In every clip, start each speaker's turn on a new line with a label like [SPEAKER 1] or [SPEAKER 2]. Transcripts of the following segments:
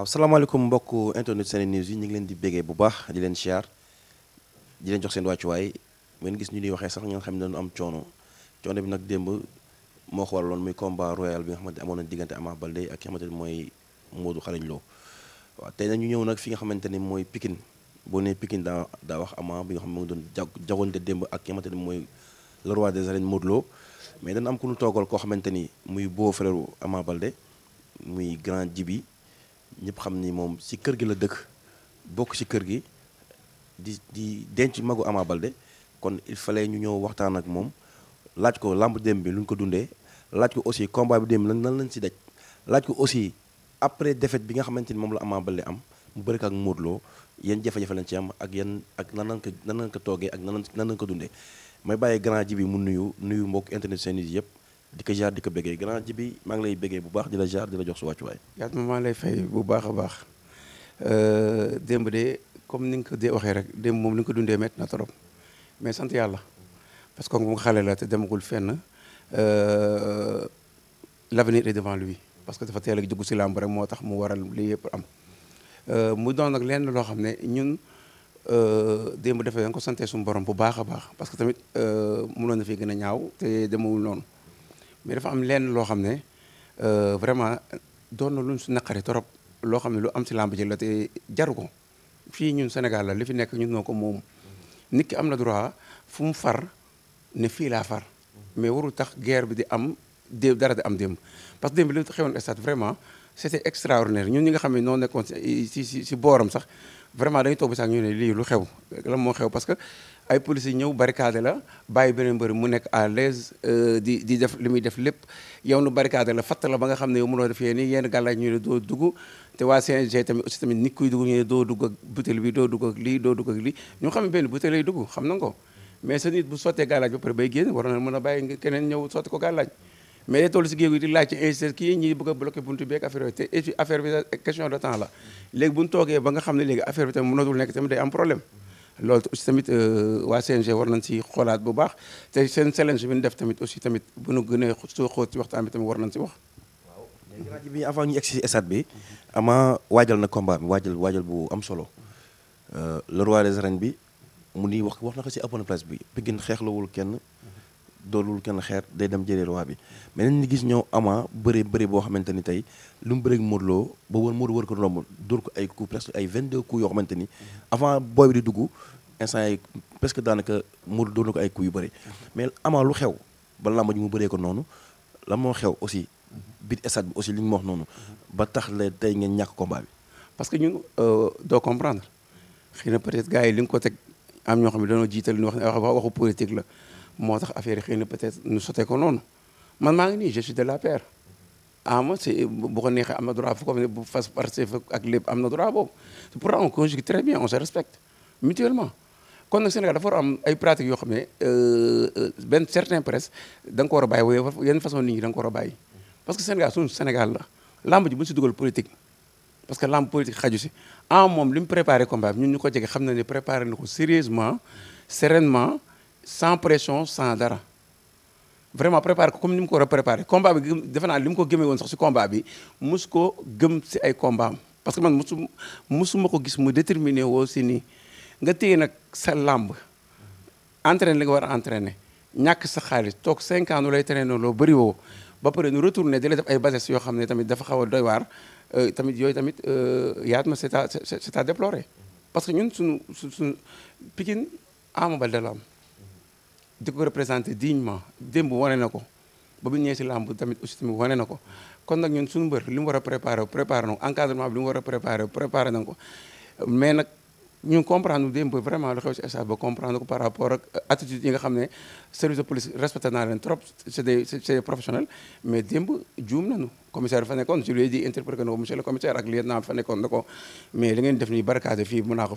[SPEAKER 1] waaw salaamaaleykum mbokk internet seen yi ñu ngi leen di béggee bu baax di leen siyaar di leen jox seen wàccuwaay ngeen gis ñu ñuy waxee sax ñoo xam ne dañu am coono coono bi nag démb moo ko waraloon muy combat royal bi nga xamante amoon na diggante Ama Baldé ak ki nga xamante ne mooy Modou Xarañ Lo waaw te nag ñu ñëw nag fi nga xamante ni mooy pikin boo ne Pikine daa daa wax Ama bi nga xam ne mu doon ja jagoonte démb ak ki nga xamante ne mooy le roi des arènes Modou Lo mais dana am ku ñu toogal koo xamante ni muy beau frère Ama Baldé muy grand jibi ñëpp xam ni moom si kër gi la dëkk bokk si kër gi di di denc magu Ama Baldé kon il fale ñu ñëw waxtaan ak moom laaj ko lamb dem bi lu ñu ko dundee laaj ko aussi combat bi démb lan lan lañ si daj laaj ko aussi après défaite bi nga xamante ni moom la Ama Baldé am mu bëri ak Modou yan jafe-jafe lañ ci am ak yan ak nan lañ ko nan lañ ko toogee ak nan nan lañ ko dundee may bàyyi grand ji bi mu nuyu nuyu mbokk internet seen yëpp. di ko jaar di ko bëggee grand ji bi maa ngi lay bëggee bu baax di la jaar di la jox su wàccuwaay.
[SPEAKER 2] yaat ma maa lay fay bu baax a baax
[SPEAKER 1] euh, démb de comme ni nga ko dee waxee rek démb
[SPEAKER 2] moom li nga ko dundee métti na trop mais sant yàlla parce que mu xale la demagul fenn euh, l'avenir est devant lui parce que dafa teel a dugg si làmb rek moo tax mu waral li yëpp am euh, mu doon nag lenn loo xam ne ñun démb defee da nga ko santee suñu borom bu baax a baax parce que tamit mënoon na fee gën a ñaaw te demewul noonu. mais dafa am lenn loo xam ne euh, vraiment doon na luñ su naqari torop loo xam ne lu am si làmb ji la te jaru ko fii ñun Sénégal la li fi nekk ñun noo ko moom nit ki am na droit fu mu far ne fii laa far mais warul tax guerre bi di am démb dara di am démb parce que démb li mu xewoon stade vraiment c'était extraordinaire ñun ñi nga xam ne noo nekkoon si si si sax vraiment dañuy toog sax ñu lii lu xew lan moo xew parce que ay policiers ñëw barricade la bàyyi beneen mbër mu nekk à l'aise euh, di def li muy def lépp yow nu barricade la fatt la ba nga xam ne yow mënoo def yéen nii yenn gàllaaj ñu ne doo dugg te waa CNG tamit aussi tamit nit bi doo dugg lii doo dugg ak lii xam ne benn butéel xam na ko mais sa nit bu war na mën a bàyyi keneen ko gàllaaj mais day toll si géej gi kii ñi bëgg a bloqué buntu bi ak affaire yooyu te affaire bi question nga xam ne léegi affaire bi tamit mënatul nekk tamit day am problème loolu aussi tamit waa CNG war nañ si xoolaat bu baax te seen challenge bi ñu def tamit aussi tamit bu ñu gënee soo xóot ci waxtaan bi tamit war nañ si wax.
[SPEAKER 1] waaw léegi rajo bi avant ñu egg si stade bi ama waajal na combat bi waajal waajal bu am solo le roi des arènes bi mu ni wax wax na ko si open place bi Pikine xeexlawul kenn. doolul kenn xeer day dem jëlee roi bi mais nañ gis ñëw ama bëri bëri boo xamante ni tey lu mu bëri Modou Lo ba wër Modou wër ko romb ko ay coup presque ay 22 coups yoo xamante ni mm-hmm. avant booy bi di dugg instant yi presque daanaka Modou dóor ay coups yu bëri mm-hmm. mais ama lu xew ba làmb ji mu bëree ko noonu la moo xew aussi mm-hmm. biir stade bi aussi li ñu wax noonu ba tax la tey ngeen ñàkk combat bi parce que ñun euh, doo comprendre xëy na peut-être gars yi li nga ko teg
[SPEAKER 2] am ñoo xam ne dañoo jiital ñu wax waxu politique la moi affaire yi peut-être nous sauter qu'on non. man maa ngi je suis de la paire ah, c'est bu ko beaucoup am na droit fu bu fas parce ak lépp am droit boobu c'est pourtant on conjugue très bien on se respecte mutuellement quand le Sénégal dafa war am ay pratiques yoo xam ne euh, euh, benn certain presse da nga ko a une yenn façon nit ñi da nga parce que Sénégal un Sénégal la lamb ji bu c'est si politique parce que lamb politique xaju si en moom li mu préparé combat bi ñun ñu ko quand xam na ne préparé nous ko sérieusement sereinement sans pression sans dara vraiment préparé comme ni mu ko war préparé combat bi defe naa li mu ko gëmee sax si combat bi mus ko gëm si ay combat parce que man musu musuma ko gis mu déterminé woo si nii nga téye nag sa làmb entraîné li nga war a entraîné ñàkk sa xaalis toog 5 ans nu lay traîné loo bëri woo ba pare nu retourné di la def ay bases yoo xam ne tamit dafa xaw a doy waar euh, tamit yooyu tamit euh, yaat ma c'est à c'est à déplorer parce que ñun suñu suñu Pikine Ama Baldé la am di ko représenté dignement démb wane na ko ba bu ñëwee si làmb tamit aussi tamit wane na ko kon nag ñun suñu mbër li mu préparé préparé na ko encadrement bi li mu war a préparé préparé na ko mais nag ñu comprendre lu démb vraiment lu xew si stade ba comprendre ko par rapport ak attitude yi nga xam ne service de police respecté naa leen trop c'est des c'est des juum nañu commissaire fa nekkoon ko monsieur le commissaire ak lieutenant fa nekkoon ko mais li ngeen fii mun naa ko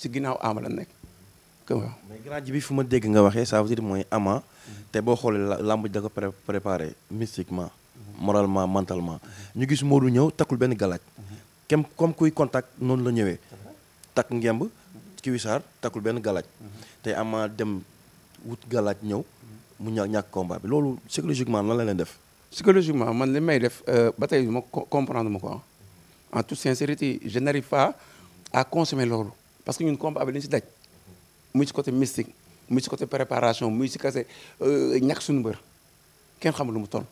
[SPEAKER 2] si ginnaaw Ama la nekk.
[SPEAKER 1] mais grand ji bi fu ma dégg nga waxee ça veut mooy Ama te boo xoolee lamb ji da ko préparé mystiquement. moralement mentalement. ñu gis Modou ñëw takkul benn galaaj. kem comme kuy contact noonu la ñëwee. takk ngemb ki wisaar takkul benn galaaj. te Ama dem wut galaaj ñëw. mu ñàkk ñàkk combat bi loolu psychologiquement na la leen def. psychologiquement man li may def euh, ba tey ma comprendre ma ko
[SPEAKER 2] en tout sincérité je n'arrive pas à consommer loolu. parce que ñun combat bi li ñu si daj mu si côté mystique muy si côté préparation muy si côté euh, ñàkk suñu mbër kenn xamul lu mu toll.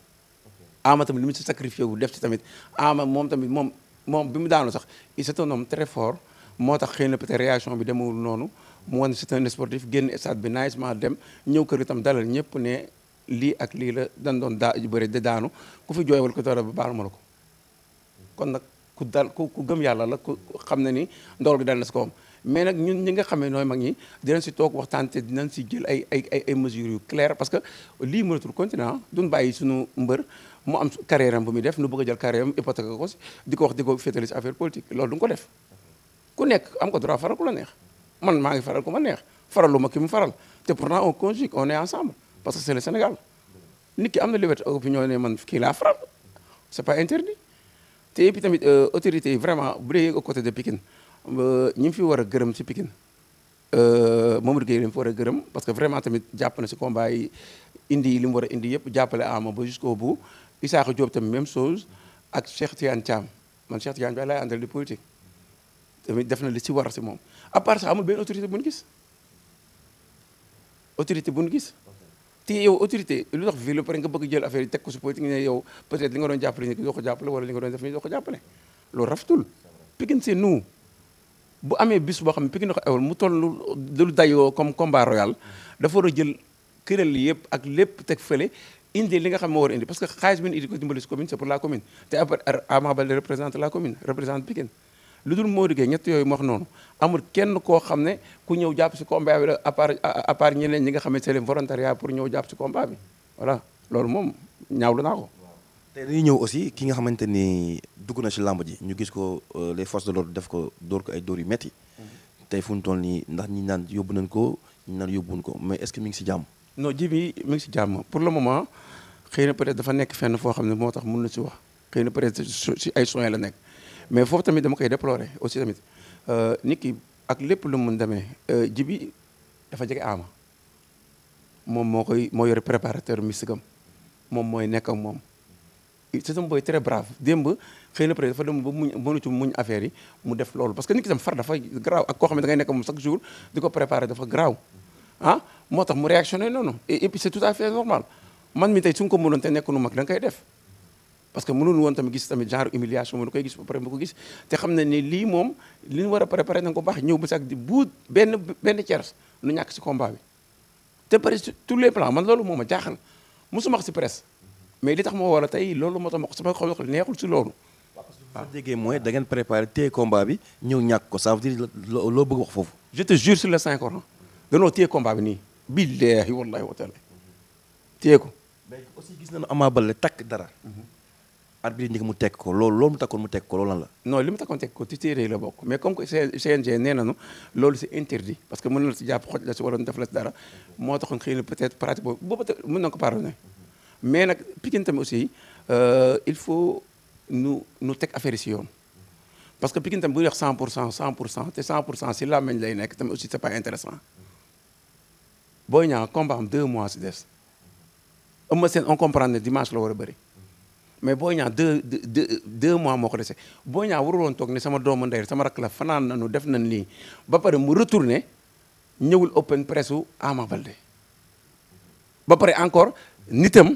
[SPEAKER 2] ama tamit li mu si sacrifié wu def ci tamit ama moom tamit moom moom bi mu daanu sax il c'est un homme moo tax xëy na peut-être réaction bi demewul noonu mu wan c'est un sportif génn stade bi naajement dem ñëw kër itam dalal ñëpp ne lii ak lii la dañ doon daa bëri de daanu ku fi jooywal ko dara ba baal ma la ko kon nag ku dal gëm yàlla la ku xam ne ni ndool gi dal na si mais nak ñun ñi nga xamee nooy mag ñi dinañ ci tok waxtaan te dinañ si jël ay ay ay mesures yu claires parce que lii mënatul continent ah. duñ bayyi suñu mbeur mu am carrière am bu mi def nu bëgg jël carrière am hypothèque ko si di wax diko ko féetale affaire politique loolu duñ ko def ku nekk am ko droit faral ku la neex man maa ngi faral ku ma neex faralu ma ki mu faral te pourtant on conjugue on est ensemble parce que c'est le Sénégal nit ki am na liberté opinion ne man ki la faral c'est pas interdit te et puis tamit euh, autorité vraiment bu dee au côté de Pikine ñi fi war a gërëm si Pikine euh, Mamadou Gueye lañ fi war a gërëm parce que vraiment tamit jàpp na ci combat yi indi li mu war a indi yëpp jàppale Ama ba jusqu'au bout Isaaxa Diop tamit même chose ak Cheikh Tidiane Thiam man Cheikh Tidiane Thiam laay àndal di politique tamit def na li si war ci moom à part ça amul benn autorité bu ñu gis autorité bu ñu gis. te lu pare nga bëgg jël affaire yi teg ko si politique li nga doon jàppale nit ki doo ko jàppale wala li nga doon def nii doo ko jàppale bu amee bis boo xam ne Pikine na ko ewal mu toll lu dayoo comme combat royal dafa war a jël këral yëpp ak lépp teg fële indi li nga xam moo war a indi parce que xaalis bi ñu indi ko dimbali si commune c'est pour la commune te après Ama Baldé représente la commune représente Pikine lu dul Modou Gueye ñett yooyu mu wax noonu amul kenn koo xam ne ku ñëw jàpp si combat bi la à part à nga xam ne c'est le volontariat pour ñëw jàpp si combat bi
[SPEAKER 1] voilà loolu moom ñaawlu naa ko tey dañuy ñëw aussi ki nga xamante ni dugg na ci làmb ji ñu gis ko euh, les forces de l'ordre def ko dóor ko ay dóor yu metti mm-hmm. tey fu mu ndax ñi naan yóbbu nañ ko ñi naan yóbbuwuñ ko mais est-ce mi ngi ci jàmm. non ji bi mi ngi ci jàmm pour le
[SPEAKER 2] moment xëy na peut-être dafa nekk fenn foo xam ne moo tax mën na ci wax xëy na peut-être ay soins la nekk mais foofu tamit dama koy déplorer aussi tamit euh, nit ki ak lépp lu mun demee euh, ji bi dafa jege aama moom moo koy moo yore préparateur mystique am moom mooy nekk ak moom. c'est un boy très brave démb xëy na peut être dafa dem ba mënu ci muñ affaire yi mu def lolu parce que nit ki tam far dafa graw ak ko xam ne da ngay nek mom chaque jour diko préparer dafa graw han ah, motax tax mu réactionné noonu et puis c'est tout à fait normal man mi tay su ko mënoon te nekk nu mag da nga def parce que mënul won tam gis tamit genre humiliation mënu koy gis ba pare mu ko gis te xamna ni li mom li ñu war préparer na nga ko baax ñëw ba sax di buut benn benn ceres nu ñak ci combat bi te pare tous les plans man lolu moma jaxal
[SPEAKER 1] musuma wax si presse mais li tax mo war tay lolu loolu moo tax ma ko sama xol neexul si loolu. waaw déggee mooy da ngeen préparer téye combat bi ñëw ñak ko ça veut dire lo bëgg wax fofu je te jure sur le Saint Coran danoo téye combat bi nii. billahi wallahi wa taala téye ko. mais aussi
[SPEAKER 2] gis nañu Ama Baldé takk dara. arbitre bi mu teg ko loolu loolu mu takkoon mu teg ko loolu lan la. non li mu takkoon teg ko ci téere la bok mais comme que CNG nee nañu loolu c'est interdit parce que mën na la si jàpp xoj la ci waroon def la dara mo taxon xëy peut-être pratique boobu boobu mën na ko pardonner mais nak Pikine tamit aussi euh, il faut nous nous tek affaire yi yoon parce que Pikine tamit bu wax 100 100 et 100 pour cent si lay nek tam aussi c'est pas intéressant Boy Niang combat am deux mois si dess Eumeu sen on comprend dimanche la wara a mais Boy Niang deux deux deux mois moko ko dese Boy Niang waruloon toog ne sama doomu ndey sama rak la fanan nañu def nañ lii ba paré mu retourner ñewul open pressu u Ama Baldé ba paré encore nitam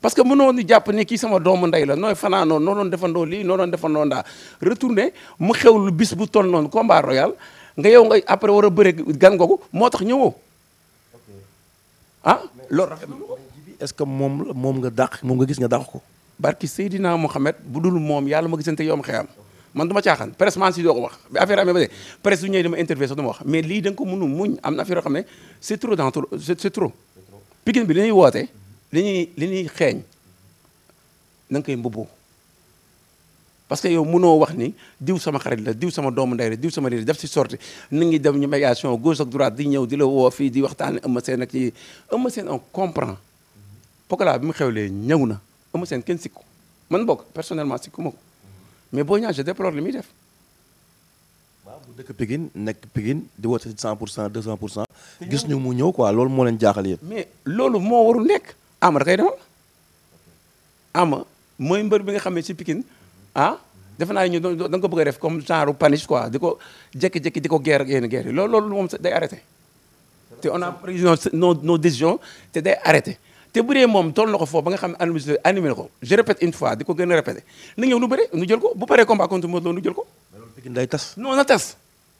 [SPEAKER 2] parce que mënoo ni jàpp ni kii sama doomu ndey la nooy fanaanoo noo doon defandoo lii noo doon defandoo ndaa retourné mu xew lu bis bu toll noonu combat royal nga yow nga après war a bëre gan googu moo tax ñëwoo ah loolu est-ce que moom moom nga dàq moom nga gis nga dàq ko barki Seydina Mohamed bu dul moom yàlla ma gisante yoom xeyam man du ma caaxaan presse man si doo ko wax bi affaire amee ba de presse su ñëwee dama interview sax du ma wax mais lii da nga ko mënul muñ am na affaire yoo xam ne c'est trop dans trop c'est trop Pikine bi li ñuy wootee li ñuy li ñuy xeeñ na nga koy mbubboo parce que yow mënoo wax ni diw sama xarit la diw sama doomu ndey la diw sama réer def si sorti nit ñi dem ñu médiation gauche ak droite di ñëw di la woo fii di waxtaan Eumeu Sène ak ci Eumeu Sène on comprend Pokola bi mu xew xewlee ñëw na Eumeu seen kenn sikku man bokk personnellement sikku ma ko
[SPEAKER 1] mais boo ñaan je déplore li muy def waaw bu nekk Pikine nekk Pikine di woote cent pour cent 200 pour cent gis ñu mu ñëw quoi loolu moo leen jaaxal yéen mais loolu moo warul nekk
[SPEAKER 2] ama da koy ama moy mbeur bi nga xamé ci Pikine ah defe naa ñu da nga ko bëgg def comme genre paniche quoi diko ko jékki diko guerre ak yenn guerre lool lool mom day arrêté té on a pris nos nos décisions té day arrêté té bu dee moom toll na ko ba nga xam ne animé animé na ko je répète une fois diko ko répéter a répété na ñëw nu bëre nu jël ko bu paré combat contre Modou ñu jël ko.
[SPEAKER 1] mais loolu Pikine day tas.
[SPEAKER 2] non na tas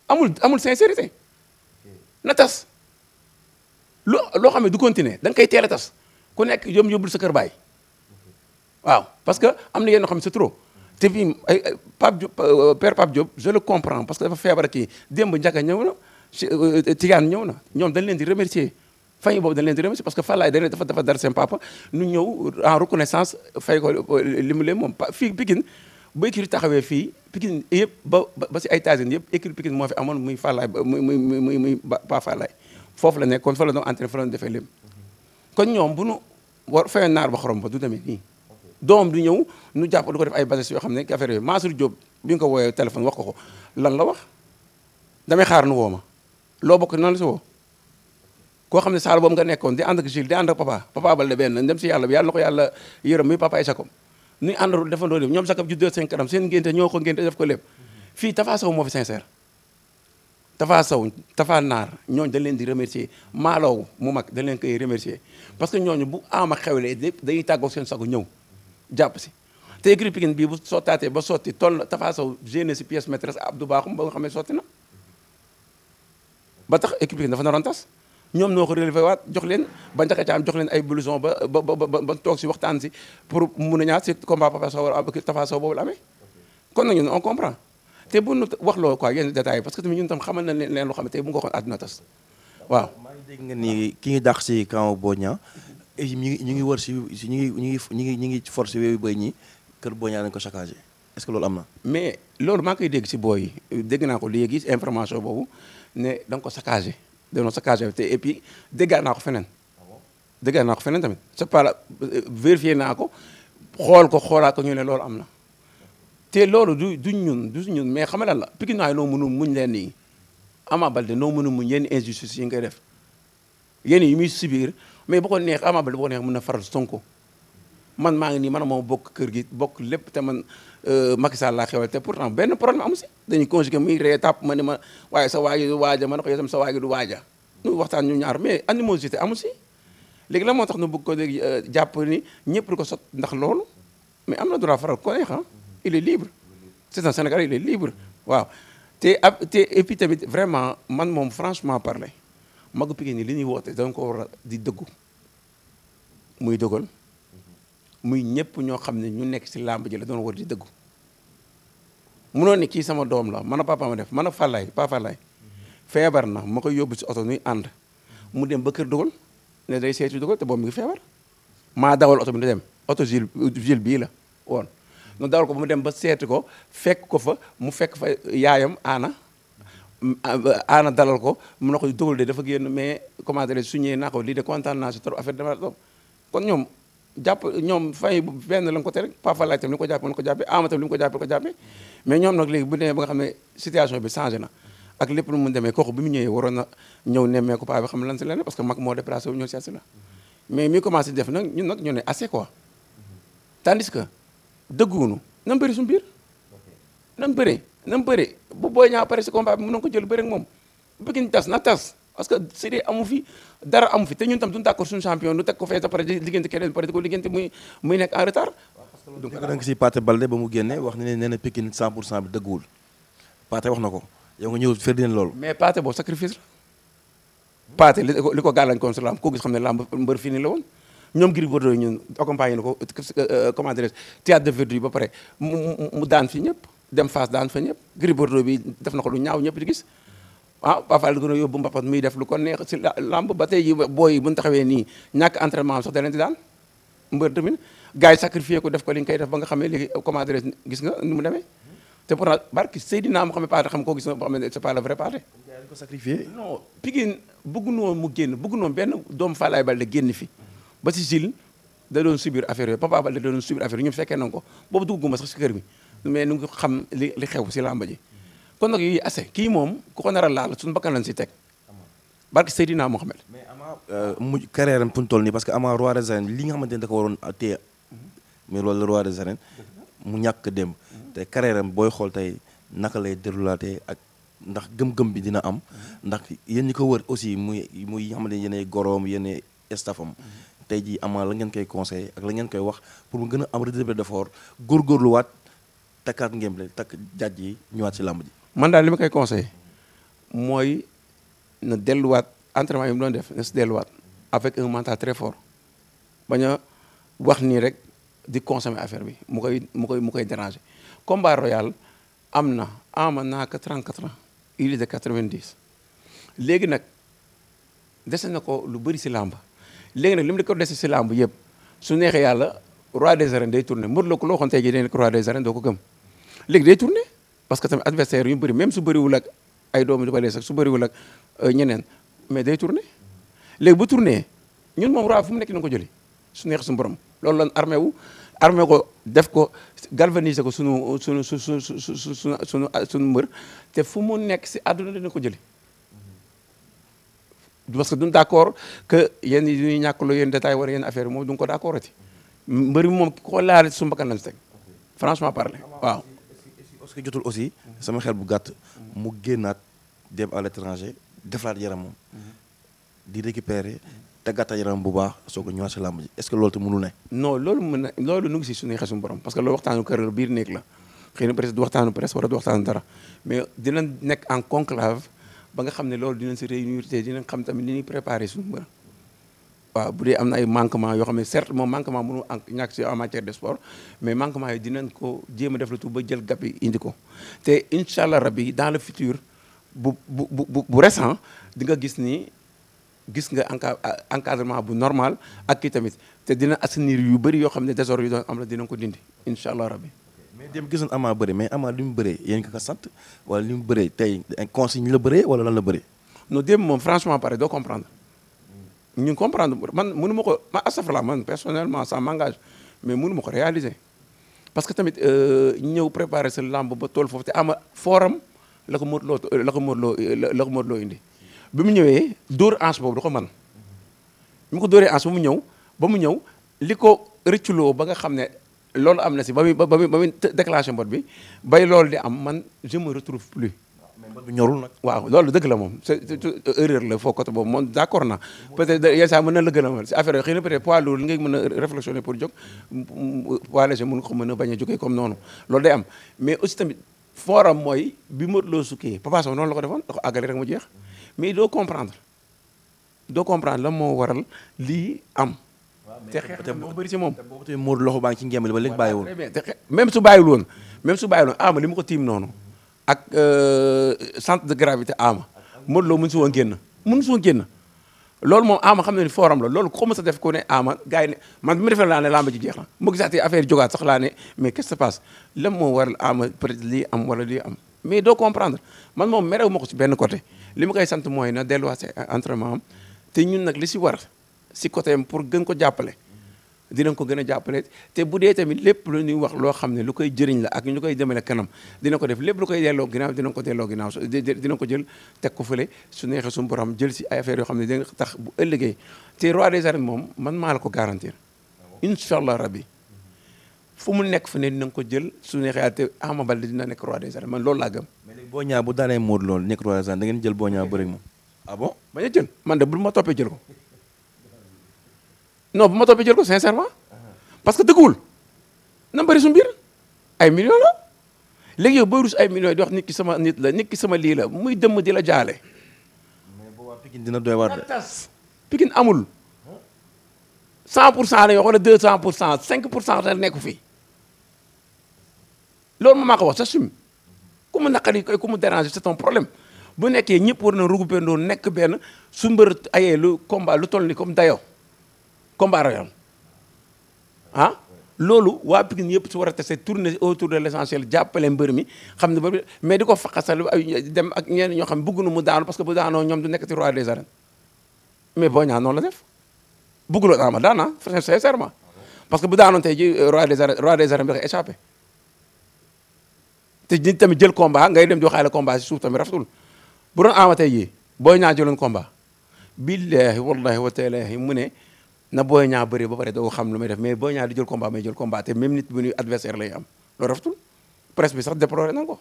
[SPEAKER 2] amul amul sincérité na tas lo loo xam du continuer dang kay koy teel tas ku nekk yom yóbbul sa kër baay waaw parce que am na yenn xam ne trop te fii ay Pape Diop euh, père Pape Diop je le comprends parce que dafa feebar kii démb njaka ñëw na euh, euh, Tidiane ñëw na ñoom dañ leen di remercier fay boobu dañ leen di remercier parce que Fallaye dañ dafa dafa dar seen papa ñu ñëw en reconnaissance fay ko li mu leen moom fii Pikine bu écurie taxawee fii Pikine yëpp ba ba si ay États-Unis yëpp écurie Pikine moo fi amoon muy Fallaye muy muy muy muy ba Fallaye foofu la nekk kon fa la doon entrer fa la doon defee lim kon ñoom bu nu war fayoon naar ba xorom ba du demee nii doom du ñëw nu jàpp du ko def ay bases yoo xam ne affaire yooyu Mansour Diop bi nga ko woowee téléphone wax ko ko lan la wax damay xaar nu woo ma loo bokk nan la si woo koo xam ne saal boobu nga nekkoon di ànd ak Gilles di ànd ak papa papa Balde benn dem si yàlla bi yàlla na ko yàlla yërëm mi papa ay sakom nuy àndal defandoo lépp ñoom sakam ju deux cinq kanam seen ngénte ñoo ko ngénte def ko lépp fii Tafa Sow moo fi sincère Tafa Sow Tafa Naar ñooñu dañ leen di remercier Malaw mu mag dañ leen koy remercier parce que ñooñu bu ama xewlee dañuy tàggoo seen sago ñëw jàpp si te écurie Pikine bii bu sottaatee ba sotti toll Tafa Sow génne si pièce maîtresse Abdou Bakhoum ba nga xam ne sotti na ba tax écurie Pikine dafa naroon tas ñoom noo ko relevé waat jox leen ba njaka caam jox leen ay blouson ba ba ba ba toog si waxtaan si pour mun a ñaar si combat Papa Sow boobu la amee kon nag ñun on comprend te bu nu wax loolu quoi yenn détails parce que tamit ñun tam xamal na leen ne tey bu nga
[SPEAKER 1] waxoon ngi dégg nga ni ki ñu dàq si camp Boña ñu ngi ñu ngi wër si ñu ngi ñu ngi ñu ngi ñu ngi force wéyu béy ñi kër Boña lañ ko saccagé est-ce que loolu
[SPEAKER 2] am na. mais loolu maa ngi koy dégg si booy yi dégg naa ko léegi information boobu ne da nga ko saccagé dañoo saccagé te et puis naa ko feneen. Ah déggaat naa ko feneen tamit c'est pas la vérifié naa ko xool ko xoolaat ko ñu ne loolu am na. te loolu du du ñun du ñun mais xamal la Pikinois yi noo mënu mu leen nii Ama Baldé noo mënu muñ yenn injustice yi ngay def yenn yi muy subir mais bu ko neex Ama Baldé bu ko neex mën na faral Sonko man maa ngi nii man moo bokk kër gi bokk lépp te man euh, Macky Sall laa xewal te pourtant benn problème amu si dañuy conjugué muy ree tàpp ma ne ma waaye sa waaji du waaja ma ne ko yow tam sa waaji du waaja ñu waxtaan ñu ñaar mais animosité amu si léegi la moo tax nu bëgg ko léegi euh, jàpp ni ñëpp di ko sot ndax loolu mais am na droit faral ko neex ah. il est libre c'est un Sénégalais il est libre waaw te et puis tamit vraiment man moom franchement parler magu Pikine ni li ñuy woote da nga ko war a di dëggu muy dogal muy ñëpp ñoo xam ne ñu nekk si làmb ji la doon war di dëggu munoo ne kii sama doom la man papa ma def man a Fallaye pa Fallaye na ma koy yóbbu auto oto ande. ànd mu dem ba kër dogal ne day seeti dogal te boobu mi ngi feebar maa dawal auto bi di dem oto gil gil bii la woon nu dawal ko ba mu dem ba seeti ko fekk ko fa mu fekk fa yaayam aana aana dalal ko mun na ko dugal de dafa génn mais comment dire su ñëwee naa ko lii de kontaan naa si trop affaire dama ñoom jàpp ñoom fay benn la ko te ko jàppee li mu ko ko jàppee ko jàppee mais ñoom nag ne situation bi na ak lépp lu mu demee kooku bi mu ñëwee waroon na ñëw nemmee ko paa bi xam lan si leneen parce que mag moo mais mi commencé def nag ñun nag ñu ne assez quoi tandis que dëgguwunu nam bëri suñu biir nam bëri nam bu booy ñaa pare si combat bi mën na ko jël bëri ak moom bëgg tas na tas parce que Siteu amu fi dara amu fi te ñun tam duñu d'accord suñu champion lu teg ko fee sa pare liggéeyante keneen pare di ko liggéeyante muy nekk en retard donc
[SPEAKER 1] ba mu génne wax na Pikine 100 pour cent bi dëgguwul Pathé wax na ko yow nga ñëw firdi loolu
[SPEAKER 2] mais Pathé boobu sacrifice la Pathé ko li ko gàllañ kon gis xam ne lamb mbër fii nii la woon ñoom Gris Bordeaux ñun accompagné na ko euh, comment dirais théâtre de verdure ba pare mu daan fi ñëpp dem Fass daan fa ñëpp Gris Bordeaux bi def na ko lu ñaaw ñëpp di gis ah bafal gën bu yóbbu mbapat muy def lu ko neex si lamb ba tey ji booy bu ñu taxawee nii ñàkk entraînement am sax da leen di daan mbër tamit ko def ko li nga koy def ba nga xamee léegi comment dirais gis nga ni mu demee te na barki Seydina mu xam ne paate xam koo gis nga xam ne c'est pas le paate ko sacrifié non Pikine bëgg noonu mu génn bëgg noonu benn doomu Falaye Baldé génn fi ba si Gilles da doon subir affaire yooyu Papa Baldé da doon subir affaire fekkee nañ ko boobu dugguma sax si kër bi mais nu ngi xam li xew si làmba ji kon nag yii ase kii moom ku ko nar a laal suñu bakkan lañ si teg
[SPEAKER 1] barke Seydina Mohamed. mais Ama euh, mu carrière am ñu toll nii parce que Ama roi des arènes li ne da ko waroon téye mais loolu roi des arènes mu ñàkk dem te carrière am booy xool tey naka lay déroulaatee ak ndax gëm-gëm bi dina am ndax yéen ñi ko wër aussi muy muy nga xamante ne yéenay goroom yéenay estafam tey jii amaa la ngeen koy conseillé ak la ngeen koy wax pour mu gën a am redoublé d'effort waat takkaat ngémb le takk jaaj yi ñëwaat ci làmb ji.
[SPEAKER 2] man daal li ma koy conseillé mooy na delluwaat entraînement yi mu doon def delluwaat avec un mental très fort bañ wax nii rek di consommer affaire bi mu koy mu koy mu koy déranger royal am na ama naa que 34 ans il est de 90 léegi nag dese na ko lu bëri si làmb léegi nag li ko dese ci lamb yeb su neexee yalla roi des arènes day tourner Modou ko loo xoon tey jii roi des arènes doko gem gëm léegi day tourné parce que tamit adversaire yu bari même su bëriwul ak ay doomu di balee sax su bëriwul ak euh, ñenen mais day tourner léegi bu tourner ñun mom roi fu mu nekk na ko jëli su neex su borom loolu lan armé wu armé ko def ko galvaniser ko sunu sunu su su su su sunu suñu mbër te fu mu nekk ci aduna dina ko jëli parce que duñ d'accord que yéen yi ñuy ñàkkaloo yéen détail wala yéen affaire moom duñ ko d'accord ati mbëri moom ko laal su mbakkan lañ teg franchement parler waaw.
[SPEAKER 1] jotul aussi sama xel bu gàtt mu génnaat dem à l'étranger deflaat yaramam di récupérer a yaram bu baax soo ko ñëwaat si làmb ji est-ce que loolu te mënul ne. non
[SPEAKER 2] loolu mën na loolu nu ngi si suñuy xasum borom parce que loolu waxtaanu kër biir néeg la xëy na peut-être du waxtaanu presse wala du waxtaanu dara mais dinañ nekk en conclave. ba nga xam ne loolu dina si réunir te dinañ xam tamit ni ñuy préparé suñu mbër waaw bu dee am na ay manquement yoo xam ne certes moom manquement mënu ñàkk si en matière de sport mais manquement yi dinañ ko jéem a def la tout ba jël gab indi ko te incha allah rabbi dans le futur bu bu bu bu récent di nga gis ni gis nga encadrement bu normal ak kii tamit te dina assainir yu bëri yoo xam ne désordre yu doon am la dinañ ko dindi incha allah rabbi
[SPEAKER 1] mais dem gisoon Ama bëri mais Ama lu mu bëree yéen ko ko sant wala lu mu bëree tey consigne la bëree wala lan la bëree. non
[SPEAKER 2] dem moom franchement pare doo comprendre ñu comprendre man mënu ma ko ma astafurlah man personnellement ça m'engage mais mënu ma ko réaliser. parce que tamit euh, ñëw préparer sa lamb ba tool foofu te ama forum la ko Modou Lo euh, la ko Modou Lo euh, la ko Modou Lo indi bi mu ñëwee dóor ange boobu da ko man bi mu ko dóoree ange ba mu ñëw ba mu ñëw li ko rëcculoo ba nga xam ne loolu am na si ba muy ba muy ba muy déclenché mbot bi bay loolu di am man je me retrouve plus. mbot bi ñorul nag. waaw loolu dëgg la moom c'est euh, erreur la foo côté boobu moom d' accord naa peut-être yenn saa mën na la gën a mën si affaire yi xëy na peut-être poids lourd li ngay mën a réflexionner pour jóg poids léger mën ko mën a bañ a jógee comme noonu loolu day am mais aussi tamit forum mooy bi Modou Lo sukkee Papa Sow noonu la ko defoon da ko àggale rek mu jeex mais doo comprendre doo comprendre la moo waral lii am. te xeex moo bëri ci moom te boobu tamit Modou loxo baa ngi ci ngembali ba léegi bàyyiwul même su bàyyiwul woon su bàyyiwul woon ama li ko tiim noonu ak euh, centre de gravité aama Modou loo mun si woon génn mun si woon génn loolu moom ama xam ne ni forum la loolu ko mës a def ku ne ama gars yi ne man bi ma defee laa ne lamba ji jeex na ma gisaatee affaire yi jógaat sax laa ne mais qu'est-ce qui se passe lan moo waral ama peut lii am wala lii am mais doo comprendre man moom merew ma ko si benn côté li ma koy sant mooy na delluwaat si entraînement am te ñun nag li si war si côté am pour gën ko jàppale dinañ ko gën a jàppale te bu dee tamit lépp lu ñuy wax loo xam ne lu koy jëriñ la ak ñu koy demale kanam dina ko def lépp lu koy delloo ginnaaw dina ko delloo ginnaaw dina ko jël teg ko fële su neexee suñu borom jël si ay yoo xam ne dina tax bu ëllëgee te roi des moom man maa la ko garantir incha allah rabbi fu mu nekk fu ne dina ko jël su neexee te Ama Baldé dina nekk roi des man loolu laa gëm. mais
[SPEAKER 1] boo ñaaw bu daanee Modou Lo nekk roi des arènes da ngeen jël boo ñaaw bëri moom.
[SPEAKER 2] ah bon bañ jël man de bu ma toppee jël ko. non bu ma toppee jël ko sincèrement parce que dëgguwul na bëri su ay millions la léegi yow booy rus ay millions di wax nit ki sama nit la nit sama lii la muy dëmm di la jaale.
[SPEAKER 1] mais dina doy waar de.
[SPEAKER 2] tas Pikine amul 100 pour cent la yoo xam ne 200 pour cent 5 pour cent nekk fi loolu moom maa ko wax j'assume ku mu naqari koy ku mu déranger c'est ton problème. bu nekkee ñëpp war na regroupé doon nekk benn su mbër ayee lu combat lu tol ni comme dayoo combat royal ah loolu wa Pikine yep ci wara tassé tourner autour de l'essentiel jappelé mbeur mi xam ba mais diko ko ay dem ak ñen ñoo xam ne bëgguñu mu daanu parce que bu daano ñom du nekk ci roi des arènes mais boña non la def bëgguloo ama daana sincèrement parce que bu daano tay ji roi des arènes roi des arènes bi da échappé te ñi tamit jël combat ngay dem di waxaale combat ci souf tamit rafetul bu doon ama yi boy ñaa jëlun combat billahi wallahi wa ta'ala mu ne na Boy Niang bëri ba pare doo xam lu may def mais Boy Niang di jël combat may jël combat te même nit bu ñuy adversaire lay am loolu rafetul presse bi sax déploré na ko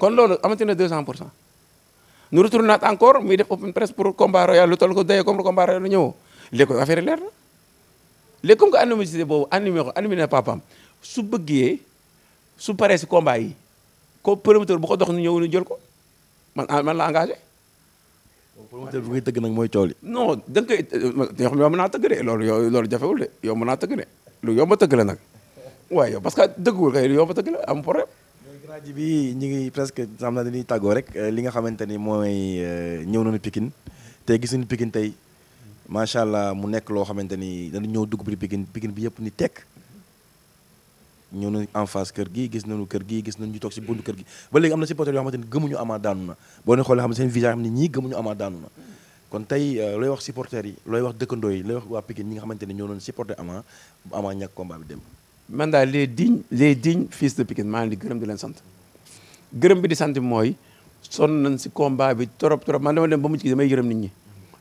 [SPEAKER 2] kon loolu amati na 200 pour cent nu retourné naat encore muy def open presse pour combat royal lu toll ko dayee comme combat royal lu ñëwoo léegi koy affaire boobu animé ko animé na papam su bëggee su pare si combat yi ko promoteur bu ko dox nu ñëw ñu jël ko man ah man la engagé promoteur bi ngay tëgg nag mooy coow li non da nga koy yoo xam naa tëgg de loolu yow loolu jafewul de yow mën naa tëgg de
[SPEAKER 1] lu yomb a tëgg la nag waaye parce que dëggul kay lu yomb a tëgg la am problème rajo bi ñu ngi presque xam naa dañuy tàggoo rek euh, li nga xamante ni mooy euh, ñëw nañu Pikine tey gis nañu pikin tey macha allah mu nekk loo xamante ni dañu ñëw dugg biir Pikine Pikine bi yëpp ni tekk ñooñu en face kër gi gis nañu kër gi gis nañu ñu toog si buntu kër gi ba léegi am na supporters yoo xamante ni gëmuñu Ama daanu na boo leen xoolee ñii gëmuñu Ama daanu na kon tey euh, looy wax supporters yi looy wax dëkkandoo yi looy wax waa Pikine ñi nga xamante ni ñoo doon supporter Ama Ama ñàkk bi dem
[SPEAKER 2] man daal les dignes les dignes fils de maa ngi di gërëm di leen sant gërëm bi di sant mooy sonn nañ si combat bi trop trop man dama dem ba mu ci damay gërëm nit ñi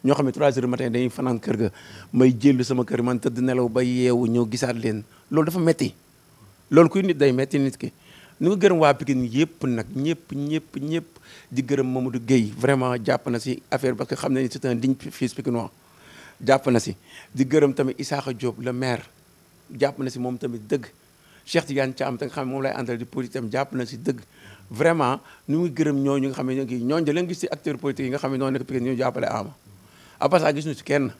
[SPEAKER 2] ñoo xam ne 3 heures du dañuy fanaan kër ga may jëllu sama kër man tëdd nelaw ba yeewu ñëw gisaat leen loolu dafa metti loolu kuy nit day metti nit ki ñu ngi gërëm waa Pikine yëpp nag ñëpp ñëpp ñëpp di gërëm moom Mamadou Guèye vraiment jàpp na si affaire parce que xam nañu c'est un digne fils pikinois jàpp na si di gërëm tamit Issakha Diop le maire jàpp na si moom tamit dëgg Cheikh Tidiane Thiam te nga xam ne moom lay àndal di politique jàpp na si dëgg vraiment nu ngi gërëm ñooñu nga xam ne ngi ñooñu da leen gis si acteur politique yi nga xam ne noonu nekk Pikine ñu jàppale Ama à part gis ñu si kenn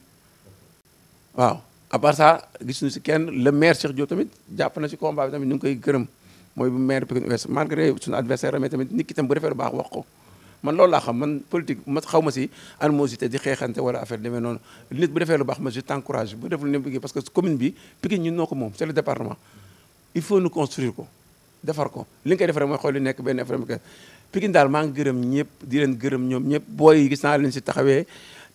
[SPEAKER 2] waaw à part gis ñu si kenn le maire Cheikh Diop tamit jàpp na si combat bi tamit ñu koy gërëm mooy bu maire Pikine Ouest malgré suñu adversaire amee tamit nit ki tam bu defee lu baax wax ko man loolu laa xam man politique ma xaw ma si animosité di xeexante wala affaire demee noonu nit bu defee baax ma je t'encourage bu deful ne bëggee parce que commune bi Pikine ñun noo ko moom c'est le département il faut ñu construire ko defar ko li nekk benn affaire Pikine daal maa ñëpp di leen gërëm ñoom ñëpp booy gis naa leen si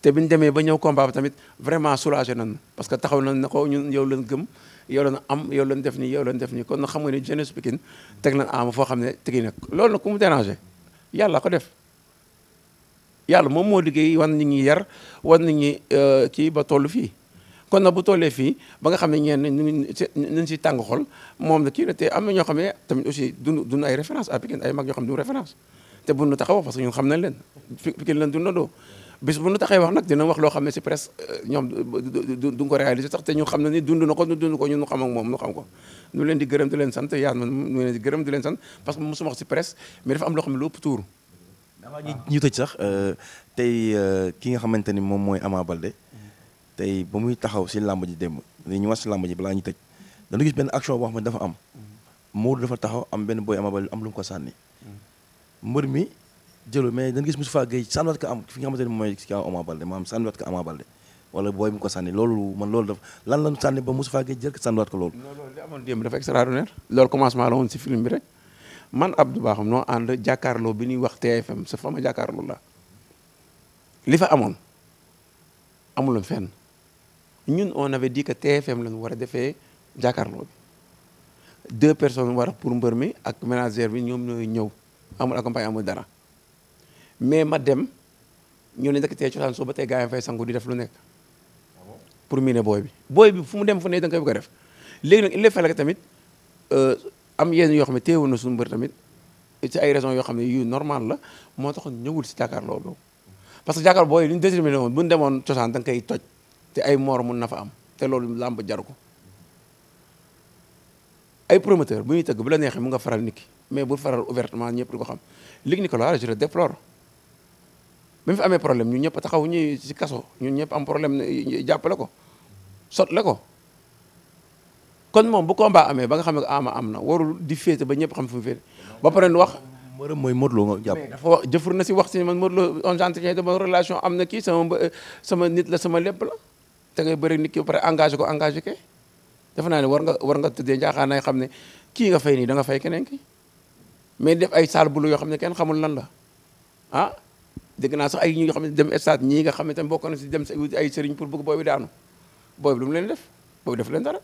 [SPEAKER 2] te bi ñu demee ba ñëw combat bi tamit vraiment soulagé nañu parce que taxaw nañ ne ko ñun yow leen gëm yow lañ am yow lañ def nii yow lañ def nii kon nag xam nga ni jeunesse Pikine teg nañ am foo xam ne tegi nag loolu nag ku mu dérangé yàlla ko def yàlla moom moo liggéey wan nit ñi yar wan nit ñi euh, kii ba toll fii kon nag bu tollee fii ba nga xam ne ñeen ñu ngi ñu si tàng xol moom la am na ñoo xam ne tamit aussi dund dund ay référence à Pikine ay mag ñoo xam ne du te buñ la taxawoo parce que ñun xam nañ leen Pikine lañ dundandoo bis bu nu taxee wax nag dina wax loo xam ne si presse euh, ñoom du du ko réaliser sax te ñu xam ne ni dund na ko nu dund ko ñun xam ak moom nu xam ko nu leen di gërëm di leen sant yaa man nu leen di gërëm di parce que mosuma wax si presse mais dafa am loo xam ne lu ëpp tuuru
[SPEAKER 1] dama ñu ñu tëj sax euh, tey euh, ki nga xamante ni moom mooy Ama Baldé tey ba muy taxaw si làmb ji démb li ñu wax si làmb ji balaa ñu tëj dañu gis benn action boo xam ne dafa am Modou dafa taxaw am benn boy Ama Baldé am lu ko sànni mi jëlu mais dañu gis Moustapha Gueye sànniwaat ko am fi nga xamante ne mooy ci kaw Ama ko Ama Baldé wala booy mu ko sànni loolu man loolu daf lan lan sànni ba Moustapha Gueye jël ko sànniwaat ko loolu. non loolu li amoon démb dafa extraordinaire. loolu commencement la woon si film bi rek
[SPEAKER 2] man jàkkaarloo bi ñuy wax TFM sa fama jàkkaarloo la li fa amoon amuloon fenn ñun on avait dit que TFM lañu war a defee jàkkaarloo bi deux personnes war a pour mbër mi ak ménager bi ñoom ñooy ñëw amul accompagné amul dara. mais ma dem ñoo ne ndekk tey cosaan soo ba tey gaa yi fay sangu di def lu nekk pour miné booy bi booy bi fu mu dem fu ne danga nga koy bëgg a def léegi nag il le fallait tamit euh, am yenn yoo xam ne téewoon na suñu mbër tamit ci ay raisons yoo xam ne yu normal la moo tax ñëwul si jàkkaarloo boobu parce que jàkkaarloo booy li ñu déterminé woon bu ñu demoon cosaan danga nga koy toj te ay moor mun na fa am te loolu làmb jaru ko ay promoteur bu ñuy tëgg bu la neexee mu nga faral nit ki mais bu faral ouvertement ñëpp di ko xam Luc Nicolaï je le déplore bi mu fi amee problème ñun ñëpp taxaw ñu ci kaso ñun ñëpp am problème jàppale ko sotle ko kon moom bu mbaa amee ba nga xam ne ama am na warul di féete ba ñëpp xam fu mu féete ba pare wax.
[SPEAKER 1] mërëm mooy Modou Lo nga jàpp. dafa
[SPEAKER 2] wax jëfur na si wax si man Modou Lo on s'entretient dama relation am na kii sama sama nit la sama lépp la te ngay bëri nit ki ba pare engagé ko engage ke defe naa ne war nga war nga tëddee njaaxaan naay xam ne kii nga fay nii da nga fay keneen ki mais def ay saal bulu yoo xam ne kenn xamul lan la ah dégg naa sax ay ñi nga xam ne dem stade ñii nga xam ne tamit bokk na si daanu booy bi mu leen def booy def leen dara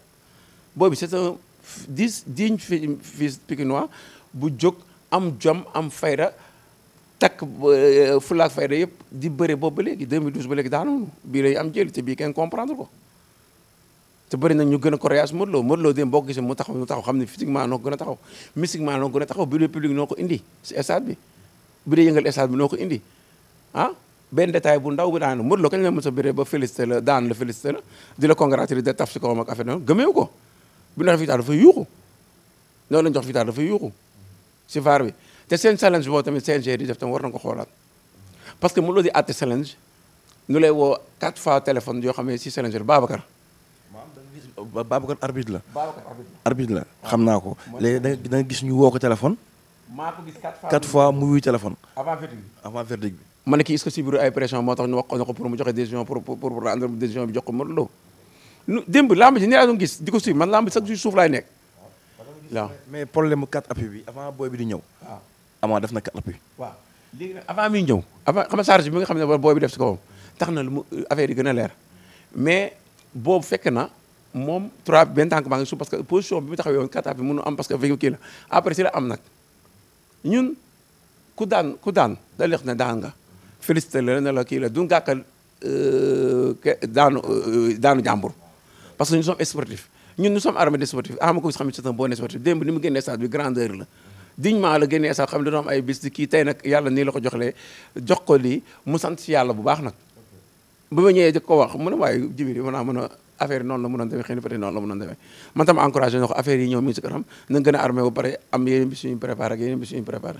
[SPEAKER 2] booy bi c'est un dix digne fils pikinois bu jóg am jom am fayda takk euh, fulaak fayda yëpp di bëre boobu ba léegi 2012 ba léegi daanoonu bii lay am jëli te bii kenn comprendre ko te bëri nag ñu gën a coréage Modou Lo Modou Lo dem mu taxaw mu taxaw xam ne physiquement noo ko gën a taxaw mystiquement noo ko gën a taxaw bu dee public noo ko indi si stade bi bu dee yëngal stade bi noo ko indi ben benn détail bu ndaw bi daan Modou Lo kañ la mos béré ba félicité la daan la félicité la di la congratuler de taf ci ko mak afena gëmew ko bu ñu fi victoire dafa yuuxu noonu la ñu jox victoire dafa yuxu ci far bi te sen challenge bo tamit sen jëri def tam war na ko xoolaat parce que mu Lo di àtte challenge nu lay wo quatre fois téléphone yo xamé ci challenge Babacar.
[SPEAKER 1] Babacar arbitre la. Babacar arbitre la xamna ko. léegi da nga gis ñu wo ko téléphone.
[SPEAKER 2] mako gis quatre fois quatre fois
[SPEAKER 1] mu wuy téléphone. avant verdict avant verdict ma ne est-ce que si ay pression
[SPEAKER 2] moo tax ñu wax ko ko pour mu joxe décision pour pour pour rendre décision bi jox ko Modou Lo lu lamb ji ni la doon gis diko ko suivre man lamb chaque jour suuf lay nek mais problème 4 appuis bi avant boy bi di ñew waaw avant def na 4 appuis. waaw léegi avant mi ñew avant xam charge bi nga xam ne booy bi def si kawam tax na euh, affaire yi gëna a leer mais boobu fekk na mom 3 benn tank maa ngi suuf parce que position bi mu taxawee woon 4 appuis mënu am parce que fekk kii la après si la am nak ñun ku daan ku daan da lex na daan nga. félicité-leen la kii la duñ gàkkal daanu daanu jàmbur parce que nous sommes sportifs ñun nous sommes armés de sportifs ama ko xam ne c'est un bon sportif démb ni mu génnee stade bi grandeur la dignement la génnee stade xam ne dañoo am ay bis di kii tey nag yàlla nii la ko joxlee jox ko lii mu sant si yàlla bu baax nag ba ma ñëwee di ko wax mu ne waaye jibiri mën naa mën a affaire yi noonu la mënoon demee xëy na peut-être noonu la mënoon demee man tam encouragé na ko affaire yi ñëw mi ngi si kanam na gën a armé ba pare am yeneen bis yu ñu préparé ak yeneen bis yu ñu préparé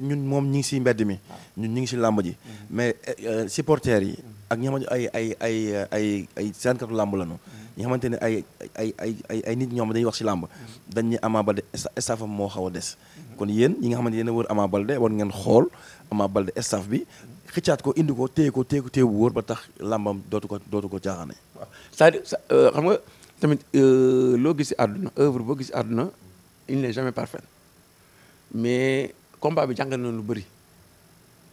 [SPEAKER 1] ñun moom ñu ngi si mi ñun ñu ngi ji mm-hmm. mais eh, euh, supporters yi ak ñi xamante ay ay ay ay mm-hmm. ñi ne ay ay ay ay nit ñoom dañuy wax si làmb mm-hmm. dañ ni Ama balde a des kon yéen ñi nga xamante wër Ama balde war ngeen xool Ama balde bi ko indi ko ko à euh,
[SPEAKER 2] xam nga tamit il n'est jamais parfait mais combat bi jangal na lu bëri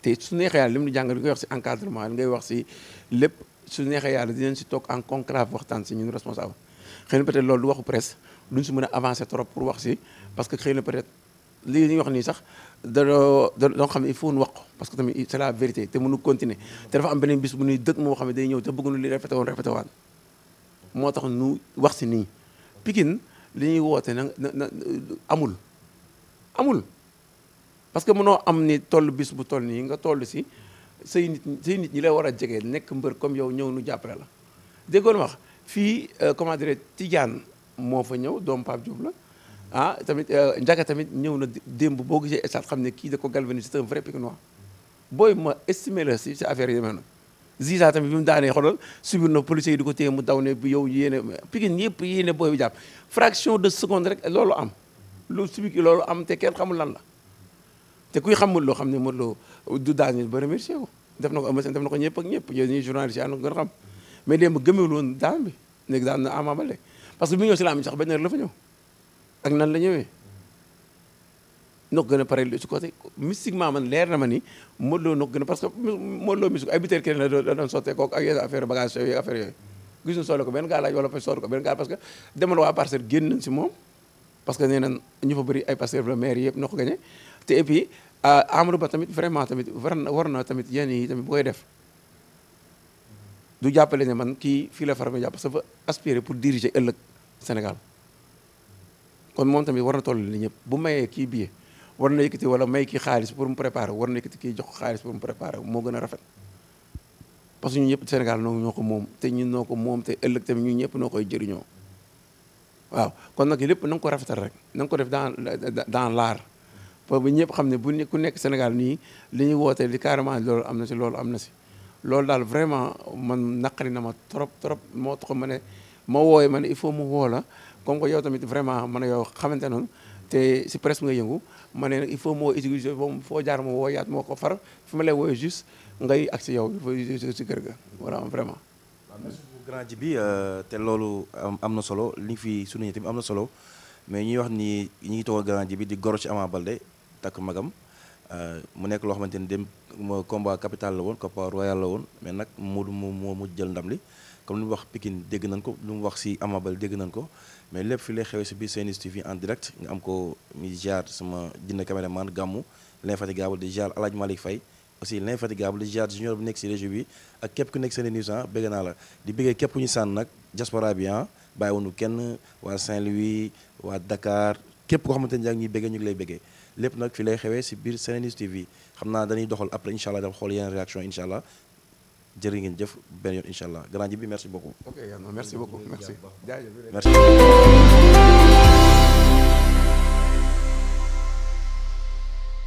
[SPEAKER 2] te su neexee yàlla limu mu ngay wax ci encadrement ngay wax ci lépp su neexee di ñen ci tok en conclave waxtaan si ñun responsable xëy peut-être lolu waxu presse duñ si mëna avancer trop pour wax ci parce que xëy peut-être li ñuy wax ni sax da doo xam il faut ñu wax parce que tamit c'est la vérité té mënu continuer té dafa am beneen bis bu ñuy dëkk moo xam ne day ñëw té bëgg na li répété woon répété waan mo tax ñu wax ci ni Pikine li ñuy woté na amul amul parce que mënoo am ni toll bis bu toll nii nga toll si say nit nit ñi lay war a jege nekk mbër comme yow ñëw nu jàppale la déggoon wax fii euh, comment dire Tidiane moo fa ñëw doomu Pape Diop la ah tamit euh, tamit ñëw na démb boo gisee état xam ne kii da ko galvanisé c'est un booy ma estimé la si si affaire yi demee na Ziza tamit bi mu daanee xoolal subir na policiers yi di ko téye mu daw ne bu yow yéene Pikine yëpp yéene booy bi jàpp fraction de seconde rek loolu am loolu subiki loolu am te kenn xamul lan la te kuy xam Modou Lo xam ne Modou Lo du na ko Eumeu na ko ñëpp ak ñëpp a daan bi léegi daan na Ama Baldé parce que bi ñëw si laam sax la fa ñëw ak a pare ci que Lo mystique ay biteel keneen la doon sottee kooku ak yooyu ko benn gaa laaj wala ko benn gaa parce que demal si moom parce que nee nañ ñu fa bëri ay parcelle la maire yëpp noo te et euh, Ba tamit vraiment tamit war na war na tamit yenn yi tamit koy def du jàppale ne man kii fii la faram jàpp parce que aspirer pour diriger ëllëg Sénégal kon moom tamit war na toll ni ñëpp bu mayee kii billet war na yëkkati wala may kii xaalis pour mu préparer war na yëkkati jox xaalis pour mu moo gën a rafet parce que ñun ñëpp Sénégal noonu ñoo ko moom te ñun noo ko moom te ëllëg tamit ñu ñëpp noo koy jëriñoo waaw kon nag yi lépp na nga ko rafetal rek na ko def dans dans l'art boobu ba ñëpp xam ne bu ku nekk Sénégal nii li ñuy wootee li carrément loolu am na si loolu am na si loolu daal vraiment man naqari na ma trop trop moo tax ma ne ma wooye ma ne il faut mu woo la comme yow tamit vraiment man yow xamante noonu te si presse nga yëngu ma ne il faut moo utiliser boobu foo jaar ma woo yaat moo ko far fi ma lay wooye juste ngay ak si si kër ga voilà vraiment
[SPEAKER 1] grand ji bi euh, te loolu am na solo li fi suñu tamit am na solo mais ñuy wax nii ñu ngi toog grand ji bi di goro ci amaa balde tak magam euh, mu nek lo xamanteni dem combat capital la woon combat royal la won mais nak Modou mo mo mu jël ndam li comme lu wax Pikine dégg nañ ko lu wax si amabel Baldé nañ ko mais lepp fi lay xewee si biir Sen TV en direct nga am ko mi jaar sama jënd cameraman gàmmu l'infatigable di jaar Aladji Malick fay aussi l'infatigable di jaar junior bu nek ci région bi ak kep ku nek seen news ah, bëgg naa la di bëggee képp ñu san nak diaspora bi ah, bàyyiwunu kenn wa Saint-Louis wa Dakar kep ko xamanteni ni ngi ñuy ñu lay bëggee lépp nag fi lay xewee si biir SeneNews TV xam naa dañuy doxal après incha allah dafa xool yeneen réaction incha allah jërë ngeen jëf benn yoon incha allah grand ji bi merci beaucoup. ok merci beaucoup merci.